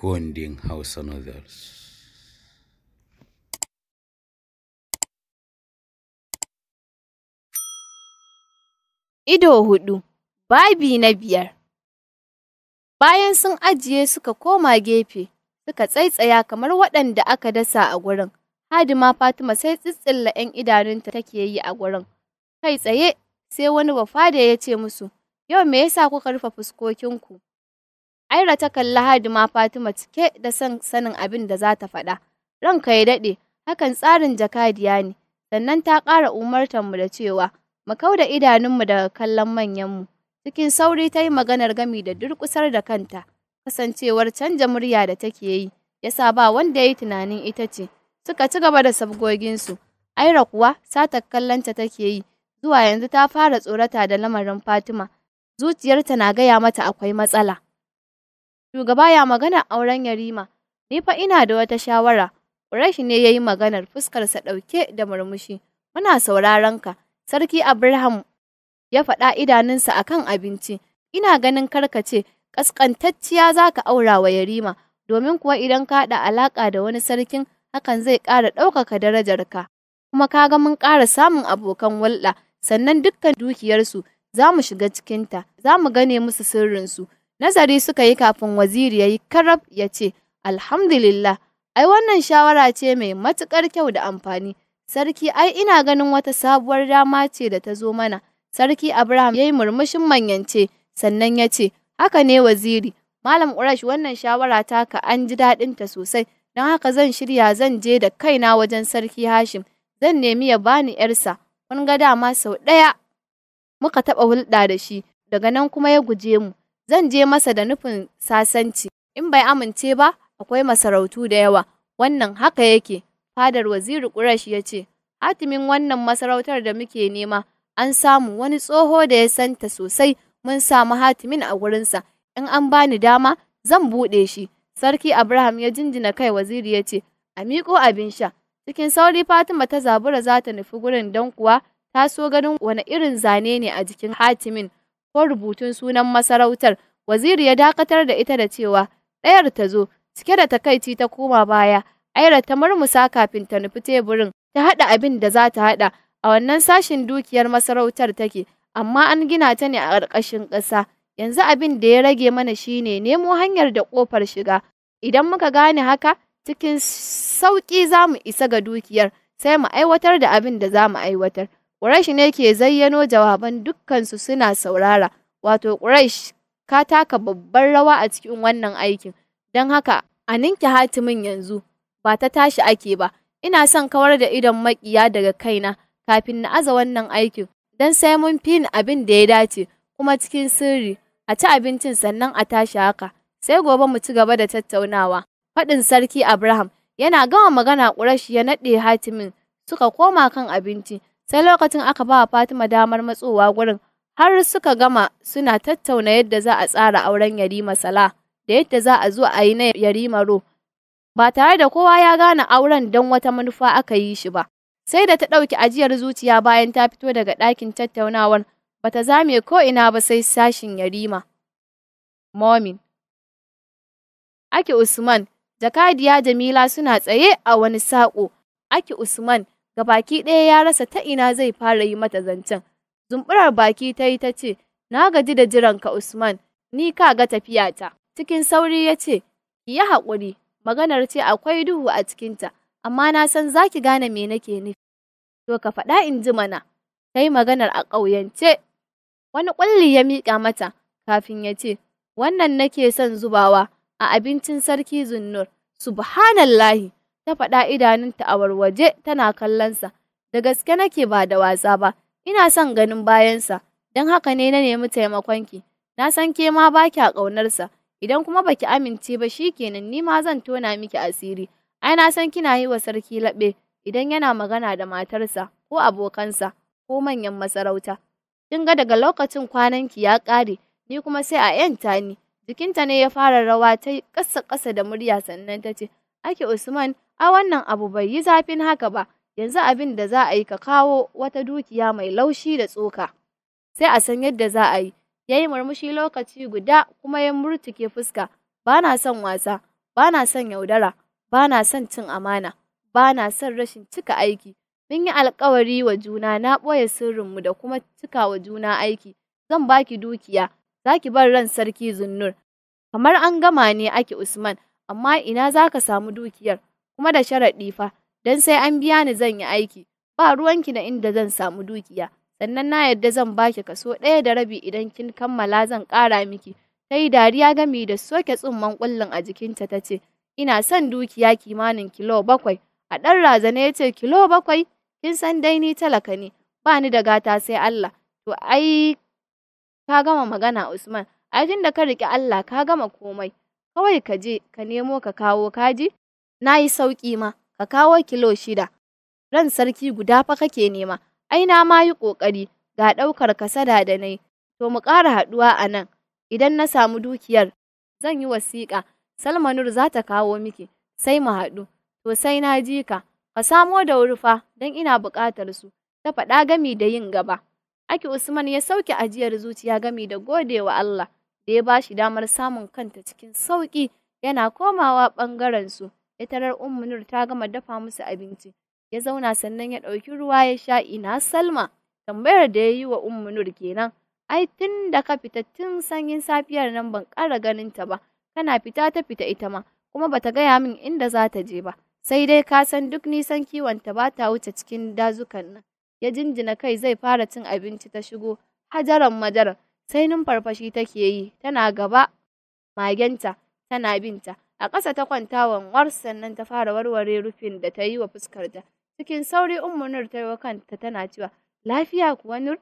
Kundin Hausa Novels. Ido hudu, babi na biyar. Bayan sun ajiye suka koma gefe, suka tsaitsaya kamar waɗanda aka dasa a gurin, hadima Fatima sai tsitsilla 'yan idanunta take yi a gurin. Kai tsaye, sai wani wafa da ya ce musu, Yau me yasa kuka rufe fuskokinku? Aira ta kalli ma Fatima cike da son sanin abin da za ta faɗa. Ranka ya daɗe, hakan tsarin jakadiya ne. Sannan ta ƙara umartar mu da cewa, mu kau da idanunmu daga kallon manyanmu. Cikin sauri ta yi maganar gami da durƙusar da kanta. Kasancewar canja murya da take yi, yasa ba wanda ya yi tunanin ita ce. Suka ci gaba da sabgoginsu. Aira kuwa sata kallonta take yi, zuwa yanzu ta fara tsorata da lamarin Fatima. Zuciyarta na gaya mata akwai matsala. Shugaba ya magana auren Yarima, ni fa ina da wata shawara. Ƙurashi ne ya yi maganar fuskarsa ɗauke da murmushi. Muna sauraron ka, Sarki Abraham ya faɗa idanunsa a kan abinci. Ina ganin karkace, ƙasƙantacciya za ka aura wa Yarima, domin kuwa idan ka haɗa alaƙa da wani sarkin hakan zai ƙara ɗaukaka darajarka. Kuma ka ga mun ƙara samun abokan hulɗa, sannan dukkan dukiyarsu za mu shiga cikinta, za mu gane musu sirrinsu. Nazari suka yi kafin waziri ya yi karab ya ce, Alhamdulillah, ai wannan shawara ce mai matuƙar kyau da amfani. Sarki ai ina ganin wata sabuwar dama ce da ta zo mana. Sarki Abraham ya yi murmushin manyance, sannan ya ce, Haka ne waziri, Malam Urash wannan shawara ta ka an ji daɗinta sosai, don haka zan shirya zan je da kaina wajen Sarki Hashim, zan nemi ya bani ‘yarsa, kun ga dama sau ɗaya muka taɓa hulɗa da shi, daga nan kuma ya guje mu. Zan je masa da nufin sasanci, in bai amince ba akwai masarautu da yawa, wannan haka yake, fadar waziri Ƙurash ya ce, hatimin wannan masarautar da muke nema, an samu wani tsoho da ya santa sosai mun samu hatimin a wurinsa, in an bani dama zan buɗe shi. Sarki Abraham ya jinjina kai waziri ya ce, a miƙo abin sha, cikin sauri Fatima ta zabura za ta nufi gurin don kuwa ta so ganin wani irin zane ne a jikin hatimin. ko rubutun sunan masarautar, Waziri ya dakatar da ita da cewa, ɗayar ta zo, cike da takaici ta koma baya, Aira ta murmusa kafin ta nufi teburin, ta haɗa abin da za ta haɗa, a wannan sashin dukiyar masarautar take, amma an gina ta ne a ƙarƙashin ƙasa. Yanzu abin da ya rage mana shine nemo hanyar da ƙofar shiga. Idan muka gane haka, cikin sauƙi za mu isa ga dukiyar, sai mu aiwatar da abin da za mu aiwatar. Ƙurashi ne ke zayyano jawaban dukkansu suna saurara, wato Quraysh ka taka babbar rawa a cikin wannan aikin, don haka a ninke hatimin yanzu ba ta tashi ake ba, ina son kawar da idon makiya daga kaina kafin na aza wannan aikin, don sai mun fi abin da ya dace kuma cikin sirri a ci abincin sannan a tashi haka, sai gobe mu ci gaba da tattaunawa. Faɗin sarki Abraham yana gama magana ƙurashi ya naɗe hatimin suka koma kan abinci sai lokacin aka ba Fatima damar matsowa gurin har suka gama suna tattauna yadda za a tsara auren Yarima Sala da yadda za a zo a yi na Yarima Ro ba tare da kowa ya gane auren don wata manufa aka yi shi ba sai da ta ɗauki ajiyar zuciya bayan ta fito daga ɗakin tattaunawar bata zame ko ina ba sai sashin Yarima Momin Aki Usman Jakadiya Jamila suna tsaye a wani saƙo Aki Usman Ga baki ɗaya ya rasa ta ina zai fara yi mata zancen. Zumburar baki ta yi ta ce, Na gaji da jiranka Usman, ni ka ga ta Cikin sauri ya ce, Ki yi haƙuri, maganar ce akwai duhu a cikinta, amma na san za ki gane me nake nufi. To ka faɗa in ji mana, ta yi maganar a ƙauyance. Wani ƙulli ya miƙa mata, kafin ya ce, Wannan nake son zubawa a abincin sarki Zunnur, subhanallahi. ta faɗa idanunta a warwaje tana kallonsa. Da gaske nake ba da wasa ba, ina son ganin bayansa, don haka ne na nemi taimakonki. Na san ke ma ba ki ƙaunarsa, idan kuma baki amince ba shi kenan ni ma zan tona miki asiri. Ai na san kina yi wa sarki laɓe idan yana magana da matarsa ko abokansa ko manyan masarauta. Kin ga daga lokacin kwananki ya ƙare, ni kuma sai a ‘yanta ni. Jikinta ne ya fara rawa ta ƙasa-ƙasa da murya sannan ta ce, Ake Usman, A wannan abu bai yi zafin haka ba, yanzu abin da za a yi ka kawo wata dukiya mai laushi da tsoka. Sai a san yadda za a yi, ya yi murmushi lokaci guda kuma ya murtuke fuska, ba na son wasa, ba na son yaudara, ba na son cin amana, ba na son rashin cika aiki. Mun yi alkawari wa juna na ɓoye sirrinmu da kuma cika wa juna aiki, zan baki dukiya, za ki bar ran sarki zunnur. Kamar an gama ne ake Usman, amma ina za ka samu dukiyar? kuma da sharaɗi fa, don sai an biya ni zan yi aiki, ba ruwanki da inda zan samu dukiya, sannan na yarda zan baki kaso ɗaya da rabi idan kin kammala zan ƙara miki. Ta yi dariya gami da soke tsumman ƙullin a jikinta ta ce, ina son dukiya kimanin kilo bakwai, a ɗan razana ya ce kilo bakwai, kin san dai ni talaka ne, ba ni da gata sai Allah, to ai ka gama magana Usman, ai tun da ka riƙe Allah ka gama komai, kawai ka je ka nemo ka kawo kaji, na yi sauƙi ma, ka kawo kilo shida. Ran sarki guda fa kake nema, ai na ma yi ƙoƙari, ga ɗaukar kasada da na yi, to mu ƙara haɗuwa a nan, idan na samu dukiyar, zan yi wasiƙa, Salmanur za ta kawo miki, sai mu haɗu, to sai na ji ka, ka samo da wuri fa, don ina buƙatar su, ta faɗa gami da yin gaba. Aki Usman ya sauke ajiyar zuciya gami da godewa Allah, da ya ba shi damar samun kanta cikin sauƙi yana komawa ɓangaren su. ya tarar ta gama dafa musu abinci ya zauna sannan ya ɗauki ruwa ya sha ina salma tambayar da ya yi wa umminur kenan ai tun da ka fita tun sanyin safiyar nan ban ƙara ganin ta ba kana fita ta fita ita ma kuma bata gaya min inda za ta je ba sai dai ka san duk nisan kiwon ta ba ta wuce cikin dazukan nan ya jinjina kai zai fara cin abinci ta shigo hajaran madara. sai numfarfashi take yi tana gaba magenta tana binta A ƙasa ta kwanta wanwar sannan ta fara warware rufin da ta yi wa fuskarta. Cikin sauri Ummu Nur ta yi kanta tana cewa, Lafiya kuwa Nur?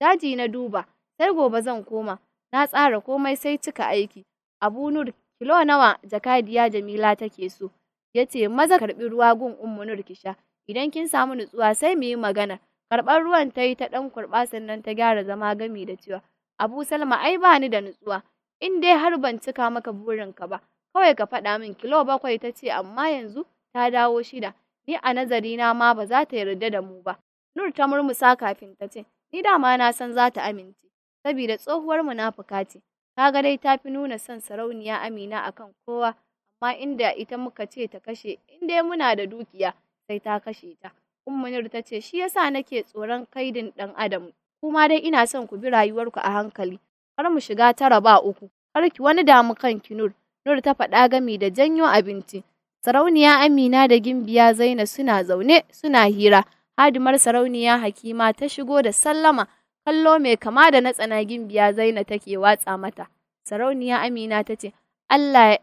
Daji na duba, sai gobe zan koma, na tsara komai sai cika aiki. Abu Nur, kilo nawa jakadiya Jamila take so? Ya ce, maza karɓi ruwa gun Ummu Nur ki sha, idan kin samu nutsuwa sai mu yi magana. Karɓar ruwan ta yi ta ɗan kurɓa sannan ta gyara zama gami da cewa, Abu Salma ai ba ni da nutsuwa, in dai har ban cika maka burinka ba, kawai ka faɗa min kilo bakwai ta ce amma yanzu ta dawo shida ni a nazari na ma ba za ta yarda da mu ba nur ta murmusa kafin ta ce ni dama na san za ta amince saboda tsohuwar munafuka ce ga dai ta fi nuna son sarauniya amina akan kowa amma inda ita muka ce ta kashe in dai muna da dukiya sai ta kashe ta ummunir ta ce shi yasa nake tsoron kaidin dan adam kuma dai ina son ku bi rayuwarku a hankali har mu shiga tara ba uku kar ki wani damu kan nur Nur ta faɗa gami da janyo abinci. Sarauniya Amina da Gimbiya Zaina suna zaune suna hira. Hadimar sarauniya Hakima ta shigo da sallama, kallo mai kama da na tsana Gimbiya Zaina take watsa mata. Sarauniya Amina ta ce, Allah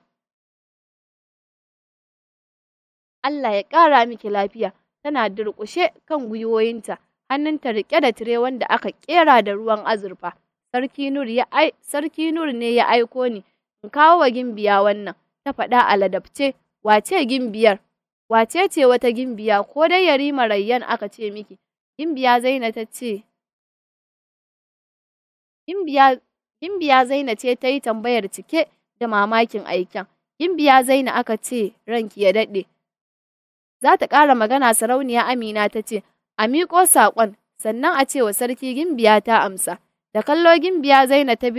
Allah ya ƙara miki lafiya, tana durƙushe kan gwiwoyinta, hannunta riƙe da tire wanda aka ƙera da ruwan azurfa. Sarki Nur ne ya aiko ni in kawo wa gimbiya wannan ta faɗa a ladabce wace gimbiyar wace ce wata gimbiya ko dai yarima rayyan aka ce miki gimbiya zaina ta ce gimbiya gimbiya zaina ce ta yi tambayar cike da mamakin aikin gimbiya zaina aka ce ranki ya daɗe za ta ƙara magana sarauniya amina ta ce a miƙo saƙon sannan a ce wa sarki gimbiya ta amsa da kallo gimbiya zaina ta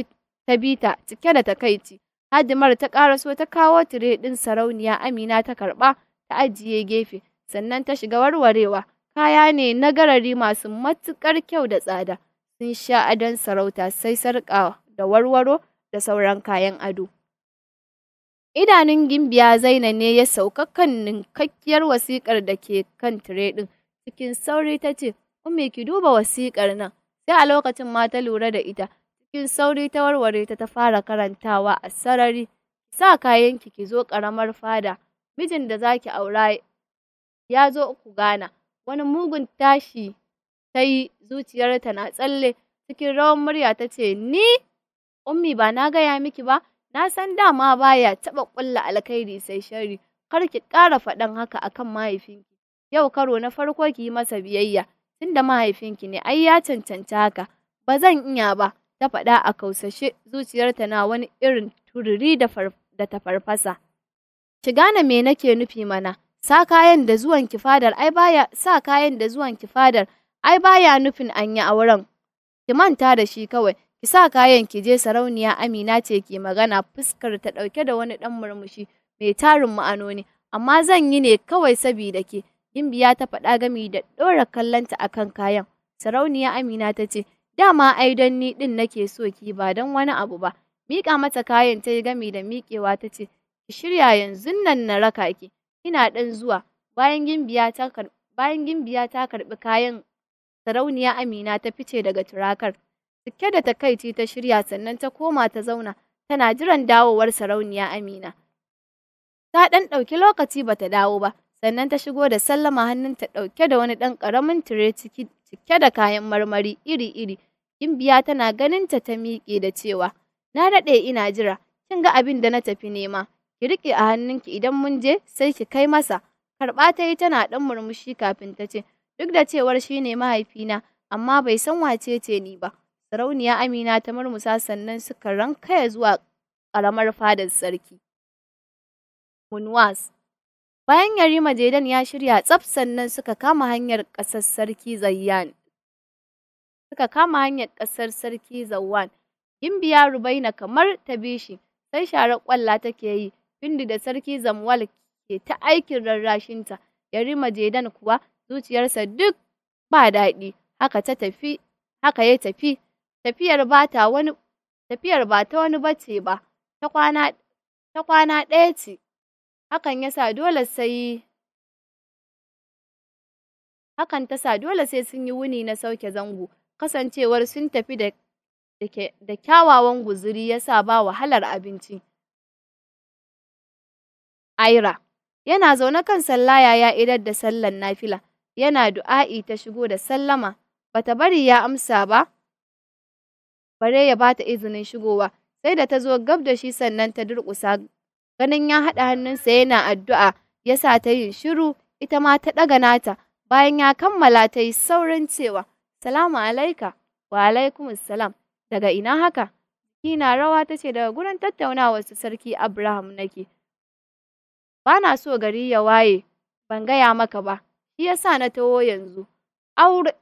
bi ta cike da takaici Hadimar ta so ta kawo tire din sarauniya Amina ta karba ta ajiye gefe, sannan ta shiga warwarewa. Kaya ne na garari masu matuƙar kyau da tsada, sun sha adon sarauta sai sarƙa da warwaro da sauran kayan ado. Idanun gimbiya zaina ne ya sauka kan ninkakkiyar wasikar da ke kan tire ɗin, cikin sauri ta ce, Ummi ki duba wasikar nan, sai a lokacin ma ta lura da ita, cikin sauri ta warware ta ta fara karantawa a sarari sa kayanki ki zo ƙaramar fada mijin da zaki aura ya zo ku gana wani mugun tashi ta yi zuciyarta na tsalle cikin rawan murya ta ce ni ummi ba na gaya miki ba na san dama baya taɓa ƙulla alkhairi sai shari kar ki ƙara faɗan haka akan mahaifinki yau karo na farko ki yi masa biyayya tunda mahaifinki ne ai ya cancanta haka ba zan iya ba ta faɗa a kausashe zuciyarta na wani irin tururi da ta farfasa. Ki gane me nake nufi mana, sa kayan da zuwan kifadar ai baya sa kayan da zuwan kifadar ai baya nufin an yi auren. Ki manta da shi kawai, ki sa kayan ki je sarauniya Amina ce ki magana fuskar ta ɗauke da wani ɗan murmushi mai tarin ma'anoni, amma zan yi ne kawai sabida ke. Gimbiya ta faɗa gami da ɗora kallonta akan kayan. Sarauniya Amina ta ce, Dama ai don ni ɗin nake so ki ba don wani abu ba. Miƙa mata kayan ta yi gami da miƙewa ta ce, Ki shirya yanzu nan na raka ki, ina ɗan zuwa. Bayan gimbiya ta karɓi kayan sarauniya Amina ta fice daga turakar. Cike da takaici ta shirya sannan ta koma ta zauna tana jiran dawowar sarauniya Amina. Ta ɗan ɗauki lokaci bata dawo ba, sannan ta shigo da sallama hannunta ɗauke da wani ɗan ƙaramin tire ciki cike da kayan marmari iri-iri. biya tana ganinta ta miƙe da cewa, Na daɗe ina jira, kin ga abin da na tafi nema, ki riƙe a hannunki idan mun je sai ki kai masa. Karɓa ta yi tana ɗan murmushi kafin ta ce, Duk da cewar shi ne mahaifina, amma bai san wace ce ni ba. Sarauniya Amina ta murmusa sannan suka rankaya zuwa ƙaramar fadar sarki. Munwas Bayan Yarima Majedan ya shirya tsaf sannan suka kama hanyar ƙasar Sarki Zayyan. Suka kama hanyar ƙasar Sarki Zawwan. Gimbiya Rubaina kamar ta bi sai sharar ƙwalla take yi, Bindi da Sarki Zamwal ke ta aikin rarrashinta, Yarima Majedan kuwa zuciyarsa duk ba daɗi, haka ta tafi, haka ya tafi, tafiyar ba ta wani tafiyar ba ta wani bace ba, ta kwana ɗaya ce. hakan ya sa dole sai hakan ta sa dole sai sun yi wuni na sauke zango kasancewar sun tafi da da kyawawan guzuri ya sa ba wahalar abinci. Aira yana zaune kan sallaya ya idar da sallan nafila, yana du'a'i ta shigo da sallama, bata bari ya amsa ba, bare ya bata izinin shigowa, sai da ta zo gab da shi sannan ta durƙusa Ganin ya haɗa hannunsa yana addu'a ya sa ta yin shiru, ita ma ta ɗaga nata. Bayan ya kammala ta yi saurin cewa, Salamu alaika, wa alaikum salam, daga ina haka? Kina rawa ta ce daga gurin tattaunawar su sarki Abraham nake. Ba na so gari ya waye, ban gaya maka ba, shi yasa na taho yanzu. Aure,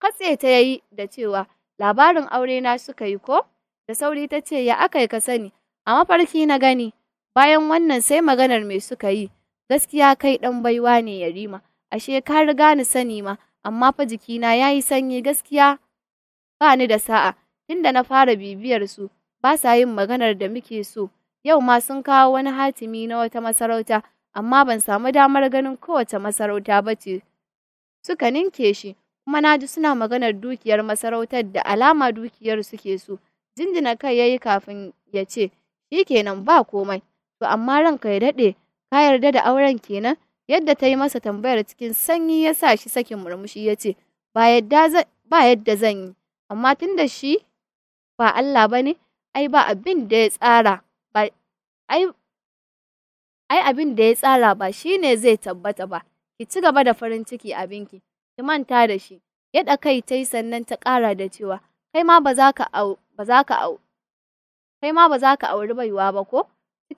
katse ta yayi da cewa labarin aure na suka yi ko? Da sauri ta ce ya aka yi ka sani, a mafarki na gani. Bayan wannan sai maganar me suka yi, gaskiya kai ɗan baiwa ne Yarima, ashe ka riga ni sani ma, amma fa jikina ya yi sanyi gaskiya ba ni da sa'a, tunda na fara bibiyar su, ba sa yin maganar da muke so. Yau ma sun kawo wani hatimi na wata masarauta, amma ban samu damar ganin kowace masarauta ba ce. Suka ninke shi, kuma na ji suna maganar dukiyar masarautar da alama dukiyar suke so. Jinjina kai yayi kafin ya ce, shi kenan ba komai. To amma ranka ya daɗe, ka yarda da auren kenan? Yadda ta yi masa tambayar cikin sanyi ya sa shi sakin murmushi ya ce, Ba yadda zan yi, amma tun da shi ba Allah ba ne, ai ba abin da ya tsara, ba shi ne zai tabbata ba, ki ci gaba da farin ciki abinki, ki manta da shi, yadda kai ta yi sannan ta ƙara da cewa, kai ma ba za ka auri baiwa ba ko?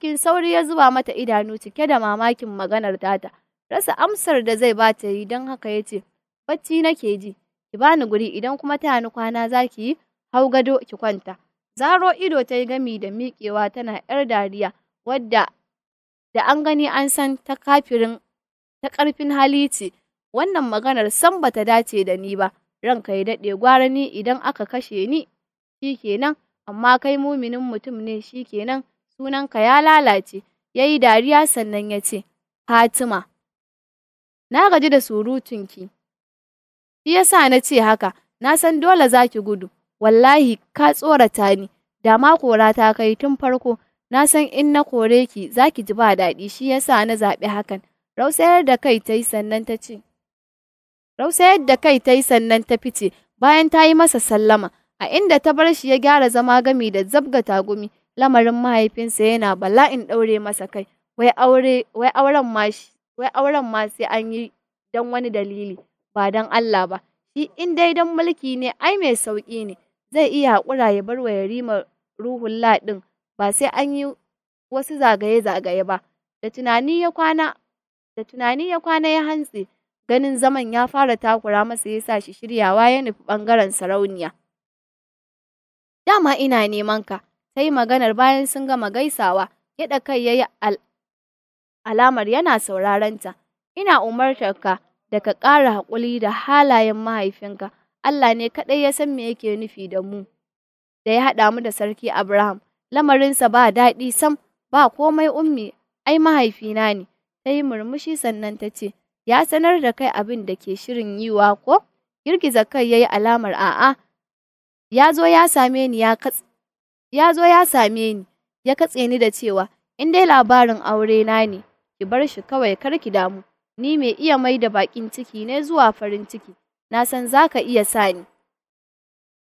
cikin sauri ya zuba mata idanu cike da mamakin maganar tata. Rasa amsar da zai bata yi don haka ya ce, Bacci nake ji, ki bani guri idan kuma ta ni kwana za ki yi, hau gado ki kwanta. Zaro ido ta yi gami da miƙewa tana ‘yar dariya, wadda da an gani an san ta kafirin ta ƙarfin hali ce, wannan maganar san bata dace da ni ba, ranka ya daɗe gwara ni idan aka kashe ni, shi kenan, amma kai muminin mutum ne shi kenan, sunanka ya lalace, ya yi dariya sannan ya ce, Fatima, na gaji da surutunki, shi ya sa na ce haka, na san dole zaki gudu, wallahi ka tsorata ni, da ma kora ta kai tun farko, na san in na kore ki za ji ba daɗi shi ya sa na zaɓi hakan, rausayar da kai ta sannan ta ce. Rausayar da kai ta sannan ta fice bayan ta yi masa sallama, a inda ta bar shi ya gyara zama gami da zabga tagumi lamarin mahaifinsa yana bala'in ɗaure masa kai, wai auren ma sai an yi don wani dalili, ba don Allah ba, shi in dai don mulki ne ai mai sauƙi ne, zai iya haƙura ya bar wa yarima ruhun laɗin ba sai an yi wasu zagaye-zagaye ba, da tunani ya kwana ya kwana hantse, ganin zaman ya fara takura masa ya sa shi shiryawa ya nufi ɓangaren sarauniya. Dama ina neman ka, ta yi maganar bayan sun gama gaisawa, yaɗa kai ya yi alamar yana sauraranta ta. Ina umartarka da ka ƙara haƙuri da halayen mahaifinka, Allah ne kaɗai ya san me yake nufi da mu, da ya haɗa mu da sarki Abraham. Lamarinsa ba daɗi sam, ba komai ummi, ai mahaifina ne, ta yi murmushi sannan ta ce, ya sanar da kai abin da ke shirin yiwa ko? Girgiza kai ya yi alamar a'a, ya zo ya same ni ya katse ya zo ya same ni, ya katse ni da cewa, in dai labarin aure na ne, ki bar shi kawai kar ki damu, ni mai iya mai da baƙin ciki ne zuwa farin ciki, na san za ka iya sa ni.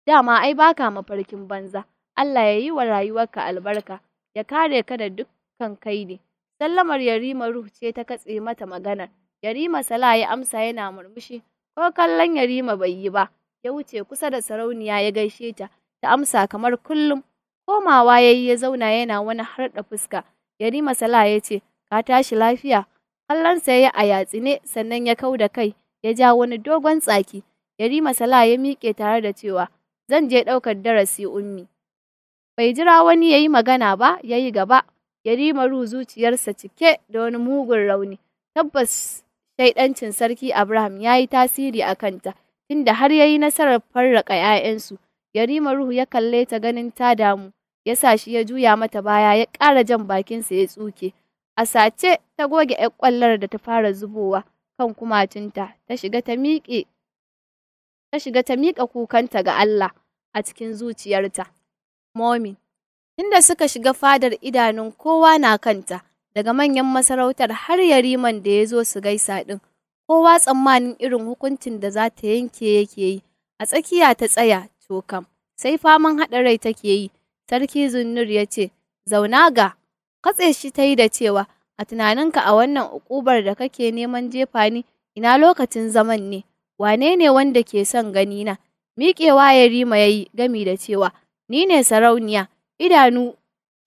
Dama ai baka mafarkin banza, Allah ya yi wa rayuwarka albarka, ya kare ka da dukkan kai ne. Sallamar Yarima Ruh ce ta katse mata maganar, Yarima Sala ya amsa yana murmushi, ko kallon Yarima bai yi ba, ya wuce kusa da sarauniya ya gaishe ta, ta amsa kamar kullum. Komawa ya yi ya zauna yana wani harɗa fuska. Yarima sala ya ce, Ka tashi lafiya? Kallonsa ya a yatsi ne sannan ya kau da kai, ya ja wani dogon tsaki. Yarima sala ya miƙe tare da cewa, Zan je ɗaukar darasi ummi. Bai jira wani ya yi magana ba, ya yi gaba. Yarima Ru zuciyarsa cike da wani mugun rauni. Tabbas shaidancin Sarki Abraham ya yi tasiri a kanta, tunda har ya yi nasarar farraka ‘ya'yansu. Yarima Ruhu ya kalle ta ganin ta damu, ya sa shi ya juya mata baya ya ƙara jan bakinsa ya tsuke. A sace ta goge ‘yar ƙwallar da ta fara zubowa kan kumatunta, ta shiga ta miƙe ta shiga ta miƙa kukanta ga Allah a cikin zuciyarta. Momi, inda suka shiga fadar idanun kowa na kanta, daga manyan masarautar har yariman da ya zo su gaisa ɗin, kowa tsammanin irin hukuncin da za ta yanke yake yi, a tsakiya ta tsaya to kam, sai faman haɗa rai take yi, sarki zunnur ya ce, zauna ga, katse shi ta da cewa, a tunaninka a wannan ukubar da kake neman jefa ni, ina lokacin zaman ne, wane ne wanda ke son ganina? Miƙewa ya rima ya gami da cewa, ni ne sarauniya, idanu,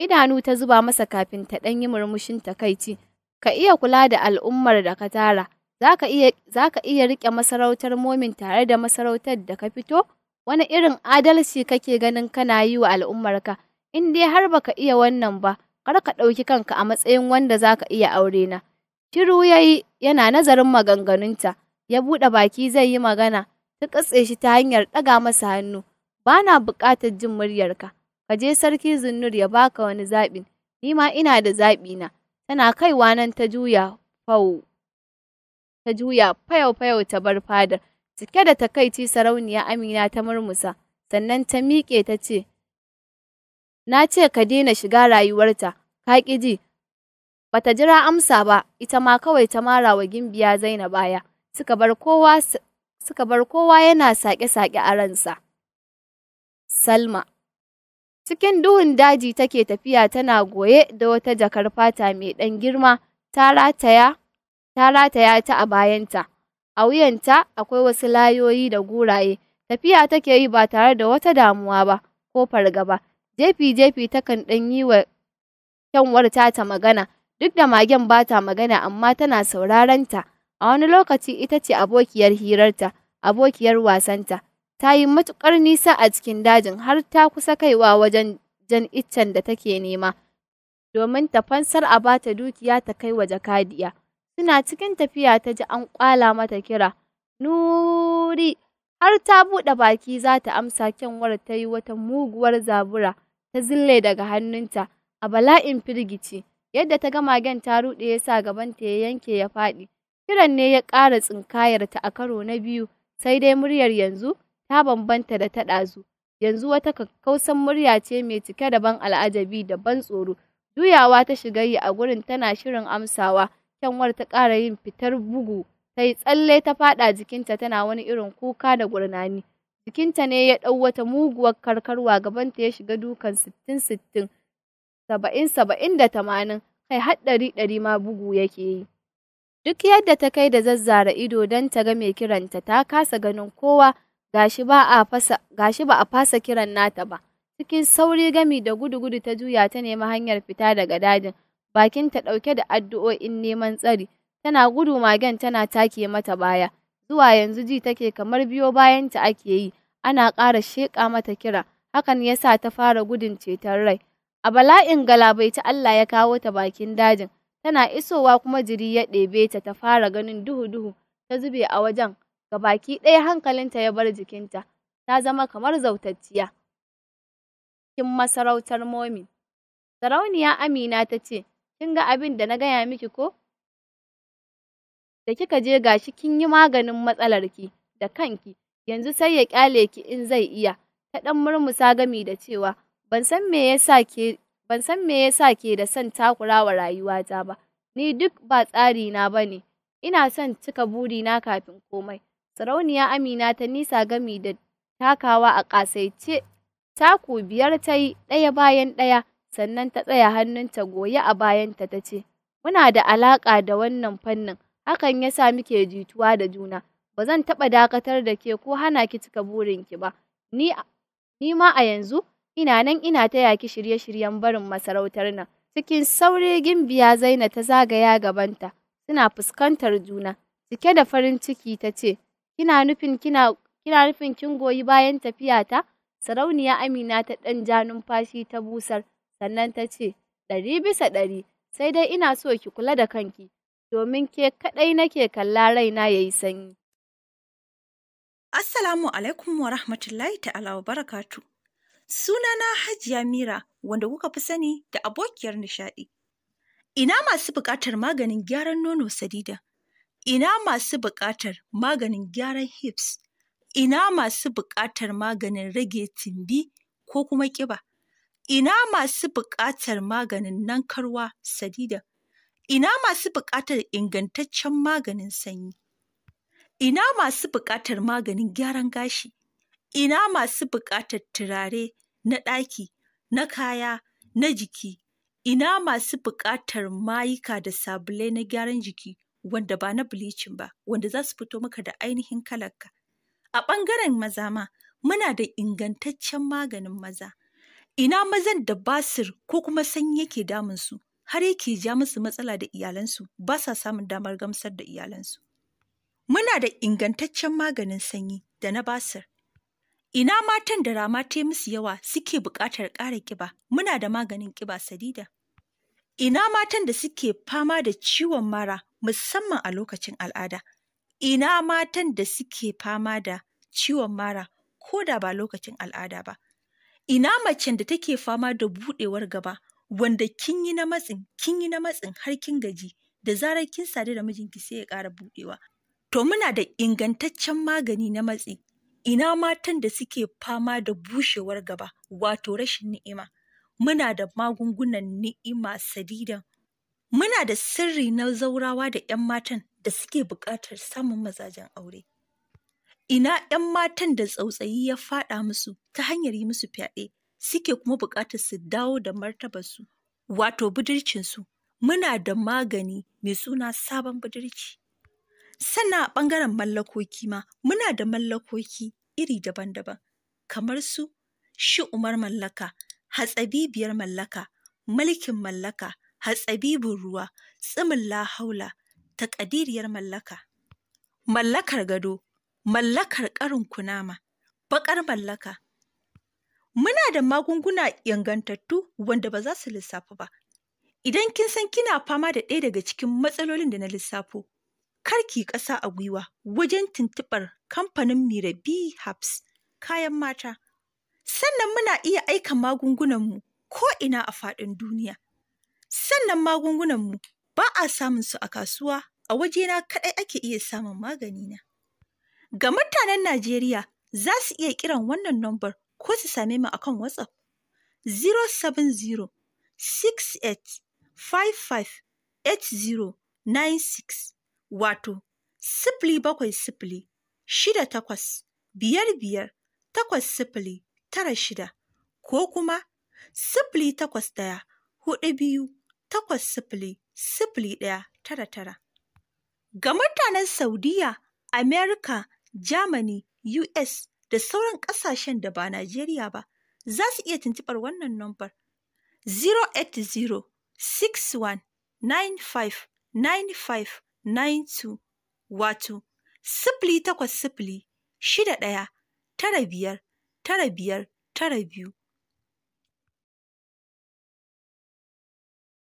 idanu ta zuba masa kafin ta ɗan yi murmushin takaici, ka iya kula da al'ummar da ka tara, za ka iya riƙe masarautar momin tare da masarautar da ka fito? wani irin adalci kake ganin kana yi wa al'ummarka in dai har baka iya wannan ba kar ka ɗauki kanka a matsayin wanda za ka iya aure na shiru yayi yana nazarin maganganunta ya buɗe baki zai yi magana ta katse shi ta hanyar ɗaga masa hannu bana na buƙatar jin muryarka ka je sarki zunnur ya baka wani zaɓi? ni ma ina da zaɓi na tana kaiwa nan ta juya fau ta juya fayau fayau ta bar fadar Cike da takaici sarauniya Amina ta murmusa, sannan ta miƙe ta ce, Na ce ka daina shiga rayuwarta, ka ƙi ji. Ba ta jira amsa ba, ita ma kawai ta mara wa gimbiya zaina baya, suka bar kowa suka bar kowa yana saƙe-saƙe a ransa. Salma Cikin duhun daji take tafiya tana goye da wata jakar fata mai ɗan girma ta rataya ta a bayanta. a wuyanta akwai wasu layoyi da guraye tafiya take yi ba tare da wata damuwa ba ko fargaba jefi jefi takan ɗan yi wa kyanwar ta magana duk da magen ba ta magana amma tana sauraron ta a wani lokaci ita ce abokiyar hirarta abokiyar wasanta ta yi matuƙar nisa a cikin dajin har ta kusa kaiwa wajen jan iccen da take nema domin ta fansar a bata dukiya ta kai wa jakadiya Suna cikin tafiya ta ji an kwala mata kira, Nuri! Har ta buɗe baki za ta amsa kyanwar ta yi wata muguwar zabura ta zille daga hannunta a bala'in firgici. Yadda ta gama magen ta ruɗe ya sa gabanta ya yanke ya faɗi. Kiran ne ya ƙara tsinkayarta a karo na biyu, sai dai muryar yanzu ta bambanta da ta ɗazu. yanzu wata kakkausan murya ce mai cike da ban al'ajabi da ban tsoro. Juyawa ta shiga yi a gurin tana shirin amsawa, kyanwar ta ƙara yin fitar bugu ta yi tsalle ta faɗa jikinta tana wani irin kuka da gurnani jikinta ne ya ɗau wata muguwar karkarwa gabanta ya shiga dukan sittin sittin saba'in saba'in da tamanin kai har ɗari ɗari ma bugu yake yi duk yadda ta kai da zazzara ido don ta ga mai kiranta ta kasa ganin kowa gashi ba a fasa gashi ba a fasa kiran nata ba cikin sauri gami da gudu gudu ta juya ta nemi hanyar fita daga dajin bakinta ɗauke da addu'o'in neman tsari, tana gudu magen tana take mata baya, zuwa yanzu ji take kamar biyo bayanta ake yi, ana ƙara sheƙa mata kira, hakan ya sa ta fara gudun ceton rai. A bala'in ta Allah ya kawo ta bakin dajin, tana isowa kuma jiri ya ɗebe ta ta fara ganin duhu-duhu, ta zube a wajen, ga baki ɗaya hankalinta ya bar jikinta, ta zama kamar zautacciya. Kin masarautar momi. Sarauniya Amina ta ce, Kin ga abin da na gaya miki ko? Da kika je gashi kin yi maganin matsalar ki da kanki, yanzu sai ya kyale ki in zai iya, ta ɗan murmusa gami da cewa, ban san me yasa ke ban san me yasa ke da son takurawa rayuwata ba, ni duk ba tsari na bane ina son cika buri na kafin komai. Sarauniya Amina ta nisa gami da takawa a kasaice taku biyar ta yi ɗaya bayan ɗaya, sannan ta tsaya hannunta goye a bayanta ta ce, Muna da alaƙa da wannan fannin, hakan ya sa muke jituwa da juna, ba zan taɓa dakatar da ke ko hana ki cika ki ba, ni, ma a yanzu ina nan ina taya ki shirye-shiryen barin masarautar nan. Cikin sauri gimbiya Zaina ta zagaya gabanta, suna fuskantar juna, cike da farin ciki ta ce, Kina nufin kina kina nufin kin goyi bayan tafiyata? Sarauniya Amina ta ɗan ja numfashi ta busar, sannan ta ce, ɗari bisa ɗari, sai dai ina so ki kula da kanki, domin ke kaɗai nake kalla raina ya yi sanyi. Assalamu alaikum wa rahmatullahi ta'ala wa barakatu. Sunana Hajiya Mira, wanda kuka fi sani da abokiyar nishaɗi. Ina masu buƙatar maganin gyaran nono sadida. Ina masu buƙatar maganin gyaran hips. Ina masu buƙatar maganin rage tumbi ko kuma ƙiba. Ina masu buƙatar maganin nankarwa sadida? Ina masu buƙatar ingantaccen maganin sanyi? Ina masu buƙatar maganin gyaran gashi? Ina masu buƙatar turare na ɗaki, na kaya, na jiki? Ina masu buƙatar mayuka da sabulai na gyaran jiki wanda ba na bilicin ba, wanda za su fito maka da ainihin kalarka? A ɓangaren maza ma, muna da ingantaccen maganin maza. Ina mazan da basir ko kuma sanyi yake damunsu, har yake ja musu matsala da iyalansu ba sa samun damar gamsar da iyalansu. Muna da ingantaccen maganin sanyi da na basir. Ina matan da rama ta musu yawa suke buƙatar ƙara ƙiba, muna da maganin ƙiba sadida. Ina matan da suke fama da ciwon mara musamman a lokacin al'ada. Ina matan da suke fama da ciwon mara ko da ba lokacin al'ada ba. Ina macen da take fama da buɗewar gaba wanda kin yi na matsin, kin yi na matsin har kin gaji, da zarar kin sadu da mijinki sai ya ƙara buɗewa. To muna da ingantaccen magani na matsi. Ina matan da suke fama da bushewar gaba, wato rashin ni'ima. Muna da magungunan ni'ima sadidan. Muna da sirri na zaurawa da 'yan matan da suke buƙatar samun mazajen aure. Ina ‘yan matan da tsautsayi ya faɗa musu ta hanyar yi musu fyaɗe suke kuma buƙatar su dawo da martabarsu, wato budurcinsu, muna da magani mai suna sabon budurci. Sannan a ɓangaren mallakoki ma, muna da mallakoki iri daban-daban, kamar su shi umar mallaka, hatsabibiyar mallaka, mulkin mallaka, hatsabibin ruwa, tsimin lahaula, takadiriyar mallaka. Mallakar gado mallakar ƙarin kunama, baƙar mallaka. Muna da magunguna yangantattu wanda ba za su lissafu ba. Idan kin san kina fama da ɗaya daga cikin matsalolin da na lissafo, kar ki ƙasa a gwiwa wajen tuntuɓar kamfanin Mira B Hubs kayan mata. Sannan muna iya aika magungunanmu ko ina a faɗin duniya. Sannan magungunanmu ba a samun su a kasuwa, a wajena kaɗai ake iya samun maganina. Ga mutanen Najeriya za su iya kiran wannan nombar ko su same mu akan WhatsApp 070 68 55 96 wato sifili bakwai sifili shida takwas biyar biyar takwas sifili tara shida ko kuma sifili takwas ɗaya hudu biyu takwas sifili sifili ɗaya tara tara. Ga mutanen Saudiya, Amerika Germany, US da sauran ƙasashen da ba Najeriya ba za su iya tuntuɓar wannan nombar 08061959592 wato sifili takwas sifili shida ɗaya tara biyar tara biyar tara biyu.